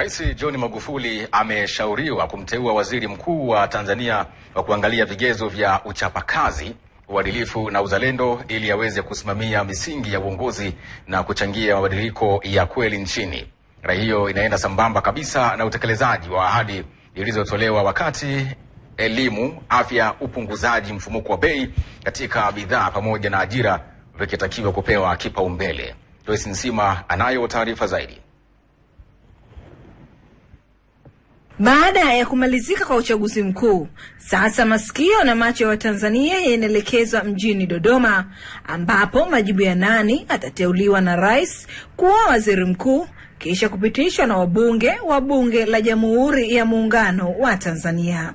Rais John Magufuli ameshauriwa kumteua waziri mkuu wa Tanzania wa kuangalia vigezo vya uchapakazi, uadilifu na uzalendo ili aweze kusimamia misingi ya uongozi na kuchangia mabadiliko ya kweli nchini. Rai hiyo inaenda sambamba kabisa na utekelezaji wa ahadi zilizotolewa wakati elimu, afya, upunguzaji mfumuko wa bei katika bidhaa pamoja na ajira vikitakiwa kupewa kipaumbele. Joyce Nsima anayo taarifa zaidi. Baada ya kumalizika kwa uchaguzi mkuu, sasa masikio na macho ya Watanzania yanaelekezwa mjini Dodoma, ambapo majibu ya nani atateuliwa na rais kuwa waziri mkuu kisha kupitishwa na wabunge wa Bunge la Jamhuri ya Muungano wa Tanzania,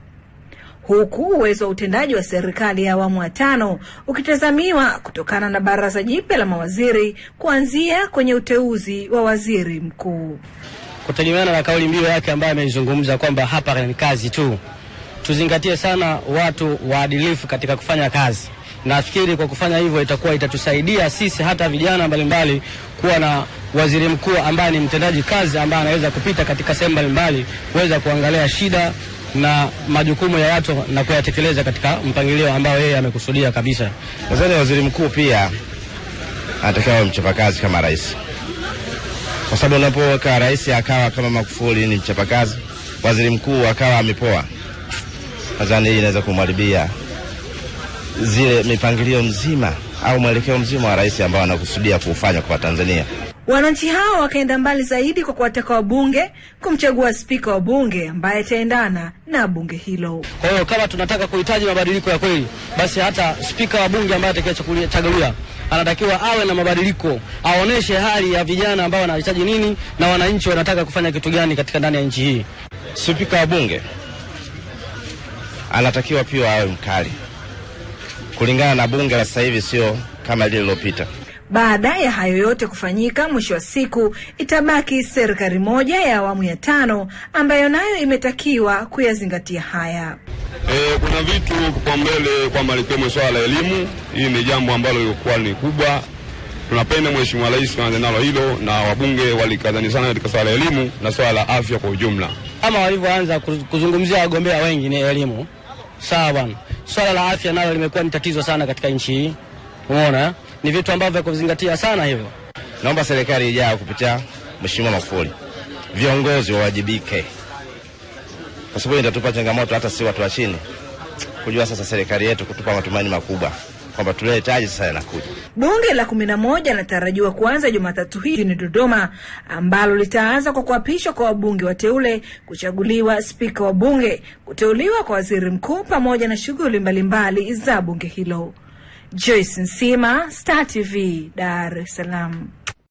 huku uwezo wa utendaji wa serikali ya awamu ya tano ukitazamiwa kutokana na baraza jipya la mawaziri kuanzia kwenye uteuzi wa waziri mkuu kutegemeana na kauli mbiu yake ambayo ameizungumza kwamba hapa ni kazi tu. Tuzingatie sana watu waadilifu katika kufanya kazi. Nafikiri kwa kufanya hivyo itakuwa itatusaidia sisi hata vijana mbalimbali kuwa na waziri mkuu ambaye ni mtendaji kazi ambaye anaweza kupita katika sehemu mbalimbali kuweza kuangalia shida na majukumu ya watu na kuyatekeleza katika mpangilio ambao yeye amekusudia kabisa. Nadhani waziri mkuu pia anatakiwa mchapakazi kama rais kwa sababu unapoweka rais akawa kama Magufuli ni mchapakazi, waziri mkuu akawa amepoa, nadhani hii inaweza kumharibia zile mipangilio mzima au mwelekeo mzima wa rais ambao anakusudia kuufanya kwa Tanzania. Wananchi hao wakaenda mbali zaidi kwa kuwataka wabunge kumchagua spika wa bunge ambaye ataendana na bunge hilo. Kwa hiyo kama tunataka kuhitaji mabadiliko ya kweli, basi hata spika wa bunge ambaye atakayechaguliwa anatakiwa awe na mabadiliko, aoneshe hali ya vijana ambao wanahitaji nini na wananchi wanataka kufanya kitu gani katika ndani ya nchi hii. Spika wa bunge anatakiwa pia awe mkali kulingana na bunge la sasa hivi, sio kama lile lililopita. Baada ya hayo yote kufanyika, mwisho wa siku itabaki serikali moja ya awamu ya tano ambayo nayo imetakiwa kuyazingatia haya. E, kuna vitu kwa mbele kwamba likiwemo swala la elimu. hii ni jambo ambalo lilikuwa ni kubwa, tunapenda Mheshimiwa Rais kaanza nalo hilo, na wabunge walikazani sana katika swala la elimu na swala la afya kwa ujumla, kama walivyoanza kuzungumzia wagombea wengi ni elimu. Sawa bwana, swala la afya nalo limekuwa ni tatizo sana katika nchi hii, umeona ni vitu ambavyo vya kuzingatia sana hivyo. Naomba serikali ijayo kupitia Mheshimiwa Magufuli, viongozi wawajibike, kwa sababu itatupa changamoto hata si watu wa chini kujua sasa serikali yetu kutupa matumaini makubwa kwamba tunahitaji sasa yanakuja. Bunge la kumi na moja linatarajiwa kuanza Jumatatu hii jini Dodoma, ambalo litaanza kwa kuapishwa kwa wabunge wateule, kuchaguliwa spika wa bunge, kuteuliwa kwa waziri mkuu pamoja na shughuli mbalimbali za bunge hilo. Joyce Nsima, Star TV, Dar es Salaam.